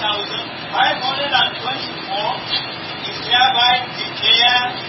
thousand five hundred and twenty-four is hereby declared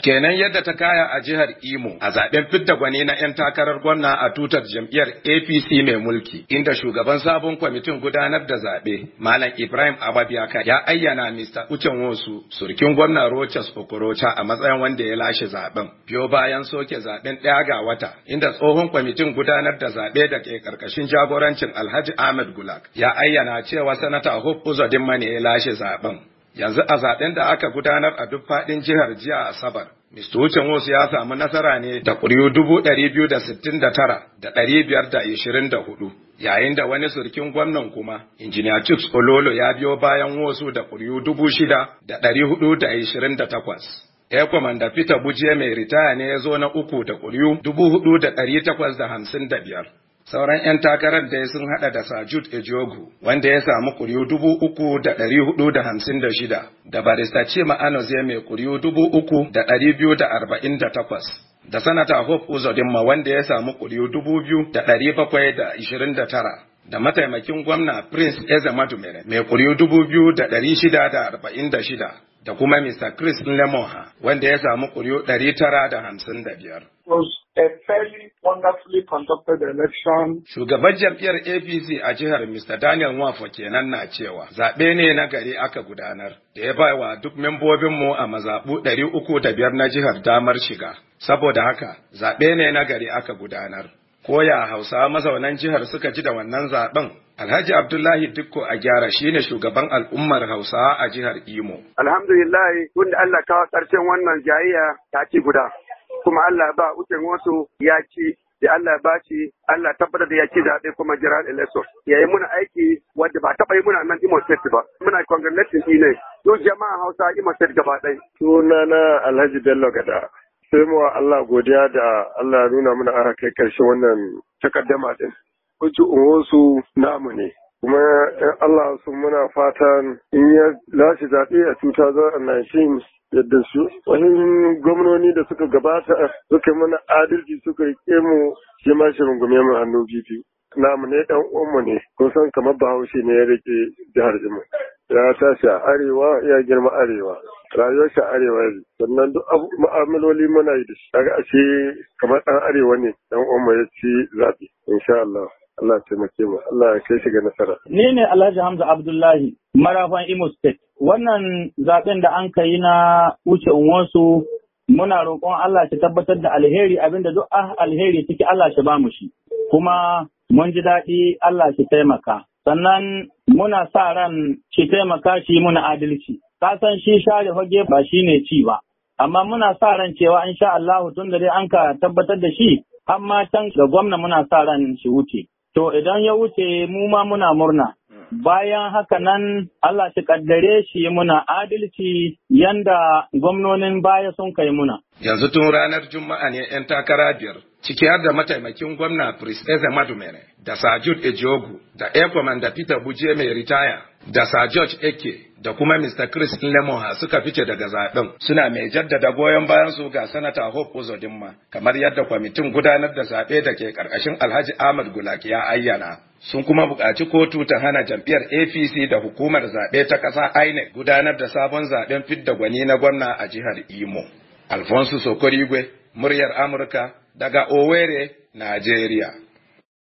Kenan yadda ta kaya a jihar Imo a zaben fidda gwani na 'yan takarar gwamna a tutar jam'iyyar APC mai mulki, inda shugaban sabon kwamitin gudanar da zaɓe, Malam Ibrahim Ababiaka ya ayyana Mr. Wosu, surkin gwamna Rochas Okorocha a matsayin wanda ya lashe zaben. Biyo bayan soke zaben ɗaya ga wata, inda tsohon kwamitin gudanar da zaɓe da ke ƙarƙashin jagorancin Alhaji Ahmed Gulak ya ayyana cewa Sanata Hope Uzodinma ne ya lashe zaben. yanzu a zaɓen da aka gudanar a duk faɗin jihar jiya a asabar Mr. Wucin ya samu nasara ne da ƙuri'u dubu ɗari biyu da sittin da tara da ɗari biyar da ishirin da hudu. Yayin da wani surkin gwamnan kuma, Injiniya Chicks Ololo ya biyo bayan wasu da ƙuri'u dubu shida da ɗari hudu da ishirin da takwas. Peter Bujiya mai ritaya ne ya zo na uku da ƙuri'u dubu hudu da ɗari takwas da hamsin da biyar. Sauran 'yan takarar da sun hada da Sajud Ejogu wanda ya samu kuriyu dubu uku da ɗari hudu da hamsin da shida da barista ce Anos ya mai kuriyu dubu uku da ɗari biyu da arba'in da takwas. Da sanata Hope Uzodinma wanda ya samu kuriyu dubu biyu da ɗari bakwai da ishirin da tara. da mataimakin gwamna Prince eze madumere mai kuriyu dubu biyu da ɗari shida da arba'in da shida da kuma Mr. Chris Lemoha wanda ya samu ƙuri'u 955. a conducted election. Shugaban jam'iyyar APC a jihar Mr. Daniel Nwafo kenan na cewa zaɓe ne na gari aka gudanar da ya baiwa duk membobinmu a mazaɓu ɗari uku da biyar na jihar damar shiga. Saboda haka zaɓe ne na gari aka gudanar. koya hausa mazaunan jihar suka ji da wannan zaben Alhaji Abdullahi dukko a gyara shi ne shugaban al'ummar Hausa a jihar Imo. Alhamdulillah tun da Allah kawo karshen wannan jayayya ta ci guda kuma Allah ba ukin wasu ya ci da Allah ba shi Allah tabbatar da ya ci zaɓe kuma jiran election ya yi muna aiki wanda ba taɓa yi muna nan Imo State ba muna congratulating ne su jama'a Hausa Imo State gaba ɗaya. na Alhaji Bello Gada. sai mu Allah godiya da Allah nuna mana aka kai karshen wannan takaddama din wasu namu ne kuma in Allah su muna fatan in ya lashe zaɓe a 2019 yadda su wahin gwamnoni da suka gabata suka mana adalci suka rike mu shi ma shi rungume mu hannu biyu namu ne dan uwanmu ne kun san kamar bahaushe ne ya rike jihar Jimu ya tashi a arewa ya girma arewa rayuwar a arewa ne sannan duk ma'amaloli muna yi da shi kaga ashe kamar dan arewa ne dan umma ya ci zaɓe insha Allah Allah ya taimake mu Allah ya kai shi ga nasara ni ne Alhaji Hamza Abdullahi marafan Imo State wannan zaɓen da an kai na wuce unwansu muna roƙon Allah shi tabbatar da alheri abinda duk ah, alheri take Allah shi ba mu shi kuma mun ji daɗi Allah shi taimaka sannan muna sa ran shi taimaka shi muna adalci ka san shi share fage ba shi ne ci ba amma muna sa ran cewa sha Allah tun da dai an ka tabbatar da shi amma can ga gwamna muna sa ran shi wuce to idan ya wuce mu ma muna murna bayan haka nan Allah shi kaddare shi muna adalci yanda gwamnonin baya sun kai muna. Yanzu tun ranar Juma'a ne 'yan takara biyar ciki har da mataimakin gwamna pris Eze Madumene, da Sir Jude Ejiogu da Air da Peter Buje mai ritaya da Sir George Eke da kuma Mr. Chris Lemoha suka fice daga zaɓen. suna mai jaddada goyon bayan su ga Sanata Hope Uzodinma kamar yadda kwamitin gudanar da zaɓe da ke ƙarƙashin Alhaji Ahmad Gulaki ya ayyana. sun kuma buƙaci kotu ta hana jam'iyyar apc da hukumar zaɓe ta ƙasa inec gudanar da sabon zaɓen fidda gwani na gwamna a jihar imo alfonso sokorigwe muryar amurka daga owerri najeriya